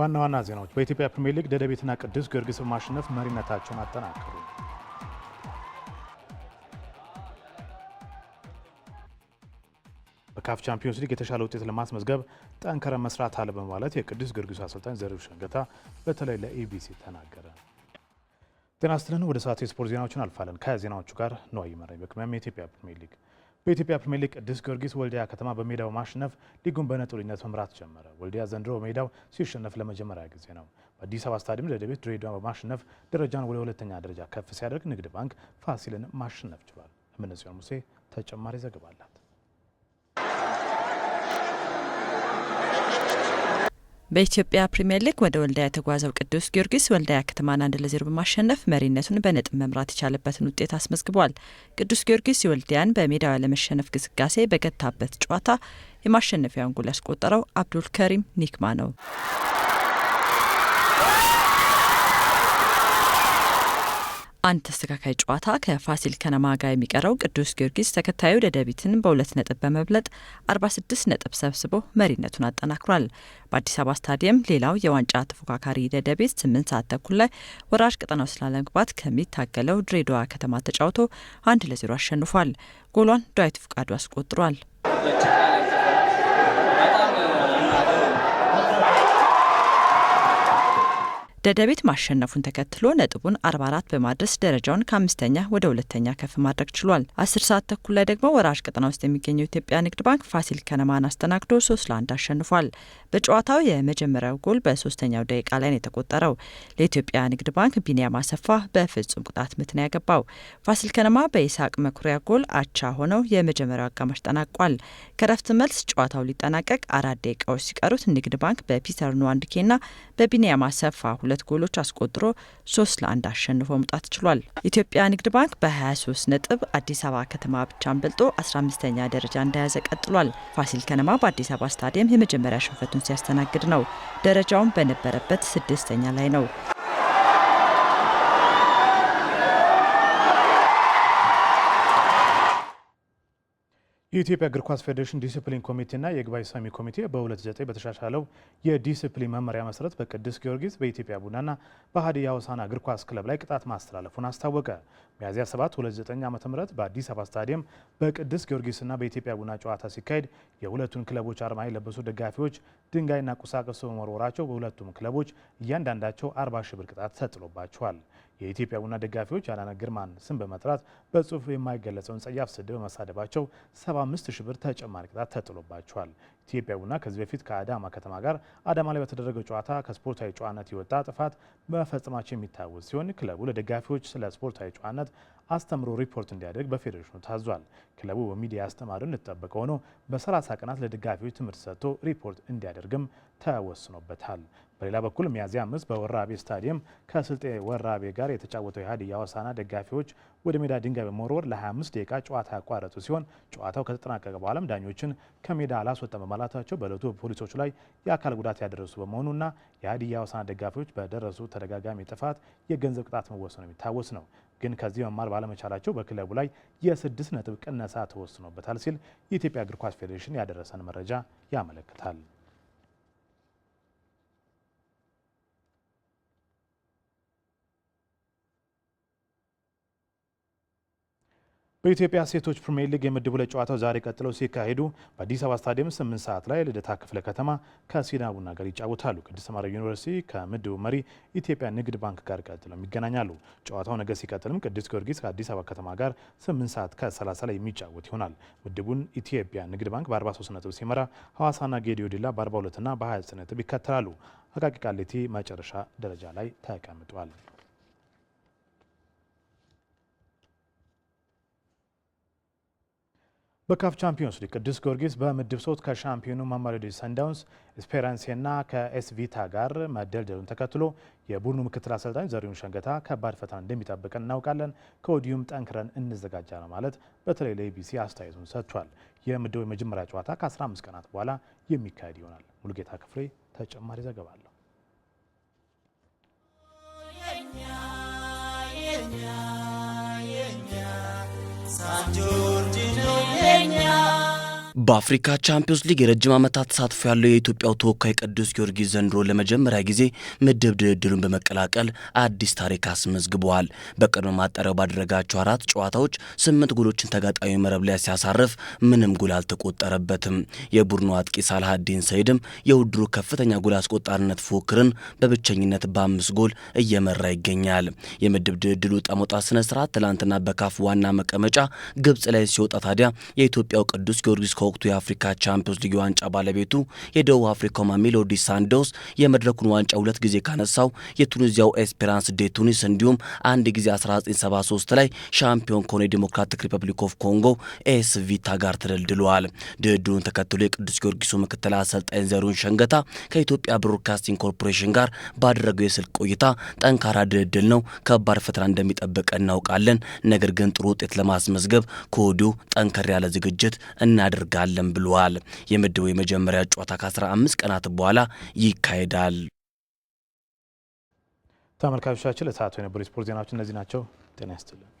ዋና ዋና ዜናዎች በኢትዮጵያ ፕሪምየር ሊግ ደደቤትና ቅዱስ ጊዮርጊስ በማሸነፍ መሪነታቸውን አጠናከሩ። በካፍ ቻምፒዮንስ ሊግ የተሻለ ውጤት ለማስመዝገብ ጠንከረ መስራት አለ በማለት የቅዱስ ጊዮርጊስ አሰልጣኝ ዘሪሁ ሸንገታ በተለይ ለኢቢሲ ተናገረ። ጤና ይስጥልን። ወደ ሰዓቱ የስፖርት ዜናዎችን አልፋለን። ከዜናዎቹ ጋር ነዋይ መራኝ። በቅድሚያም የኢትዮጵያ ፕሪምየር ሊግ በኢትዮጵያ ፕሪሚየር ሊግ ቅዱስ ጊዮርጊስ ወልዲያ ከተማ በሜዳው ማሸነፍ ሊጉን በነጥብነት መምራት ጀመረ። ወልዲያ ዘንድሮ በሜዳው ሲሸነፍ ለመጀመሪያ ጊዜ ነው። በአዲስ አበባ ስታዲየም ደደቤት ድሬዳዋን በማሸነፍ ደረጃን ወደ ሁለተኛ ደረጃ ከፍ ሲያደርግ፣ ንግድ ባንክ ፋሲልን ማሸነፍ ችሏል። እምነጽዮን ሙሴ ተጨማሪ ዘገባ በኢትዮጵያ ፕሪምየር ሊግ ወደ ወልዳያ የተጓዘው ቅዱስ ጊዮርጊስ ወልዳያ ከተማን አንድ ለዜሮ በማሸነፍ መሪነቱን በነጥብ መምራት የቻለበትን ውጤት አስመዝግቧል። ቅዱስ ጊዮርጊስ የወልዳያን በሜዳው ያለመሸነፍ ግስጋሴ በገታበት ጨዋታ የማሸነፊያውን ጎል ያስቆጠረው አብዱል ከሪም ኒክማ ነው። አንድ ተስተካካይ ጨዋታ ከፋሲል ከነማ ጋር የሚቀረው ቅዱስ ጊዮርጊስ ተከታዩ ደደቢትን በሁለት ነጥብ በመብለጥ 46 ነጥብ ሰብስቦ መሪነቱን አጠናክሯል። በአዲስ አበባ ስታዲየም ሌላው የዋንጫ ተፎካካሪ ደደቤት ስምንት ሰዓት ተኩል ላይ ወራጅ ቀጠናው ስላለመግባት ከሚታገለው ድሬዳዋ ከተማ ተጫውቶ አንድ ለዜሮ አሸንፏል። ጎሏን ዳዊት ፍቃዱ አስቆጥሯል። ደደቢት ማሸነፉን ተከትሎ ነጥቡን 44 በማድረስ ደረጃውን ከአምስተኛ ወደ ሁለተኛ ከፍ ማድረግ ችሏል። አስር ሰዓት ተኩል ላይ ደግሞ ወራጅ ቀጠና ውስጥ የሚገኘው ኢትዮጵያ ንግድ ባንክ ፋሲል ከነማን አስተናግዶ ሶስት ለአንድ አሸንፏል። በጨዋታው የመጀመሪያው ጎል በሶስተኛው ደቂቃ ላይ ነው የተቆጠረው። ለኢትዮጵያ ንግድ ባንክ ቢኒያም አሰፋ በፍጹም ቅጣት ምት ነው ያገባው። ፋሲል ከነማ በኢሳቅ መኩሪያ ጎል አቻ ሆነው የመጀመሪያው አጋማሽ ጠናቋል። ከረፍት መልስ ጨዋታው ሊጠናቀቅ አራት ደቂቃዎች ሲቀሩት ንግድ ባንክ በፒተር ንዋንድኬና በቢኒያም አሰፋ ሁለት ጎሎች አስቆጥሮ ሶስት ለአንድ አሸንፎ መውጣት ችሏል። ኢትዮጵያ ንግድ ባንክ በ23 ነጥብ አዲስ አበባ ከተማ ብቻን በልጦ 15ኛ ደረጃ እንደያዘ ቀጥሏል። ፋሲል ከነማ በአዲስ አበባ ስታዲየም የመጀመሪያ ሽንፈቱን ሲያስተናግድ ነው። ደረጃውን በነበረበት ስድስተኛ ላይ ነው። የኢትዮጵያ እግር ኳስ ፌዴሬሽን ዲሲፕሊን ኮሚቴና የይግባኝ ሰሚ ኮሚቴ በ29 በተሻሻለው የዲሲፕሊን መመሪያ መሰረት በቅዱስ ጊዮርጊስ በኢትዮጵያ ቡናና በሀዲያ ሆሳዕና እግር ኳስ ክለብ ላይ ቅጣት ማስተላለፉን አስታወቀ። ሚያዝያ 7 29 ዓ ም በአዲስ አበባ ስታዲየም በቅዱስ ጊዮርጊስና በኢትዮጵያ ቡና ጨዋታ ሲካሄድ የሁለቱን ክለቦች አርማ የለበሱ ደጋፊዎች ድንጋይና ቁሳቁስ በመወርወራቸው በሁለቱም ክለቦች እያንዳንዳቸው 40 ሺህ ብር ቅጣት ተጥሎባቸዋል። የኢትዮጵያ ቡና ደጋፊዎች ያዳነ ግርማን ስም በመጥራት በጽሁፍ የማይገለጸውን ጸያፍ ስድብ በመሳደባቸው 75 ሺህ ብር ተጨማሪ ቅጣት ተጥሎባቸዋል። ኢትዮጵያ ቡና ከዚህ በፊት ከአዳማ ከተማ ጋር አዳማ ላይ በተደረገው ጨዋታ ከስፖርታዊ ጨዋነት የወጣ ጥፋት መፈጸማቸው የሚታወስ ሲሆን ክለቡ ለደጋፊዎች ስለ ስፖርታዊ ጨዋነት አስተምሮ ሪፖርት እንዲያደርግ በፌዴሬሽኑ ታዟል። ክለቡ በሚዲያ አስተማሪው እንደተጠበቀ ሆኖ በ30 ቀናት ለደጋፊዎች ትምህርት ሰጥቶ ሪፖርት እንዲያደርግም ተወስኖበታል። በሌላ በኩል ሚያዝያ አምስት በወራቤ ስታዲየም ከስልጤ ወራቤ ጋር የተጫወተው የሀዲያ ሆሳዕና ደጋፊዎች ወደ ሜዳ ድንጋይ በመወርወር ለ25 ደቂቃ ጨዋታ ያቋረጡ ሲሆን ጨዋታው ከተጠናቀቀ በኋላም ዳኞችን ከሜዳ አላስወጣም በማለታቸው በእለቱ ፖሊሶቹ ላይ የአካል ጉዳት ያደረሱ በመሆኑና የሀዲያ ሆሳዕና ደጋፊዎች በደረሱ ተደጋጋሚ ጥፋት የገንዘብ ቅጣት መወሰኑ የሚታወስ ነው። ግን ከዚህ መማር ባለመቻላቸው በክለቡ ላይ የስድስት ነጥብ ቅነሳ ተወስኖበታል ሲል የኢትዮጵያ እግር ኳስ ፌዴሬሽን ያደረሰን መረጃ ያመለክታል። በኢትዮጵያ ሴቶች ፕሪሚየር ሊግ የምድብ ሁለት ጨዋታው ዛሬ ቀጥለው ሲካሄዱ በአዲስ አበባ ስታዲየም 8 ሰዓት ላይ ልደታ ክፍለ ከተማ ከሲዳ ቡና ጋር ይጫወታሉ። ቅድስተ ማርያም ዩኒቨርሲቲ ከምድቡ መሪ ኢትዮጵያ ንግድ ባንክ ጋር ቀጥለው ይገናኛሉ። ጨዋታው ነገ ሲቀጥልም ቅዱስ ጊዮርጊስ ከአዲስ አበባ ከተማ ጋር 8 ሰዓት ከ30 ላይ የሚጫወት ይሆናል። ምድቡን ኢትዮጵያ ንግድ ባንክ በ43 ነጥብ ሲመራ፣ ሐዋሳና ጌዲዮ ዲላ በ42ና በ29 ነጥብ ይከተላሉ። አቃቂ ቃሊቲ መጨረሻ ደረጃ ላይ ተቀምጧል። በካፍ ቻምፒዮንስ ሊግ ቅዱስ ጊዮርጊስ በምድብ ሶስት ከሻምፒዮኑ ማማሪዲ ሰንዳውንስ ስፔራንሴና ከኤስቪታ ጋር መደልደሉን ተከትሎ የቡድኑ ምክትል አሰልጣኝ ዘሪሁን ሸንገታ ከባድ ፈተና እንደሚጠብቀን እናውቃለን፣ ከወዲሁም ጠንክረን እንዘጋጃለን ማለት በተለይ ለኤቢሲ አስተያየቱን ሰጥቷል። የምድቡ የመጀመሪያ ጨዋታ ከ15 ቀናት በኋላ የሚካሄድ ይሆናል። ሙሉጌታ ክፍሌ ተጨማሪ ዘገባ አለው። ሳንጆ በአፍሪካ ቻምፒዮንስ ሊግ የረጅም ዓመታት ተሳትፎ ያለው የኢትዮጵያው ተወካይ ቅዱስ ጊዮርጊስ ዘንድሮ ለመጀመሪያ ጊዜ ምድብ ድልድሉን በመቀላቀል አዲስ ታሪክ አስመዝግበዋል። በቅድመ ማጣሪያው ባደረጋቸው አራት ጨዋታዎች ስምንት ጎሎችን ተጋጣሚ መረብ ላይ ሲያሳርፍ ምንም ጎል አልተቆጠረበትም። የቡድኑ አጥቂ ሳልሃዲን ሰይድም የውድሩ ከፍተኛ ጎል አስቆጣሪነት ፉክክርን በብቸኝነት በአምስት ጎል እየመራ ይገኛል። የምድብ ድልድሉ ዕጣ ማውጣት ስነ ስርዓት ትላንትና በካፍ ዋና መቀመጫ ግብጽ ላይ ሲወጣ ታዲያ የኢትዮጵያው ቅዱስ ጊዮርጊስ ከወቅቱ የአፍሪካ ቻምፒዮንስ ሊግ ዋንጫ ባለቤቱ የደቡብ አፍሪካው ማሚሎዲ ሳንዶስ የመድረኩን ዋንጫ ሁለት ጊዜ ካነሳው የቱኒዚያው ኤስፔራንስ ዴ ቱኒስ እንዲሁም አንድ ጊዜ 1973 ላይ ሻምፒዮን ከሆነ የዲሞክራቲክ ሪፐብሊክ ኦፍ ኮንጎ ኤስቪታ ጋር ተደልድለዋል። ድልድሉን ተከትሎ የቅዱስ ጊዮርጊሱ ምክትል አሰልጣኝ ዘሩን ሸንገታ ከኢትዮጵያ ብሮድካስቲንግ ኮርፖሬሽን ጋር ባደረገው የስልክ ቆይታ ጠንካራ ድልድል ነው፣ ከባድ ፈተና እንደሚጠብቅ እናውቃለን። ነገር ግን ጥሩ ውጤት ለማስመዝገብ ከወዲሁ ጠንከር ያለ ዝግጅት እናደርግ እናደርጋለን ብለዋል። የምድቡ የመጀመሪያ ጨዋታ ከ15 ቀናት በኋላ ይካሄዳል። ተመልካቾቻችን ለሰዓቱ የነበሩ የስፖርት ዜናዎች እነዚህ ናቸው። ጤና ይስጥልን።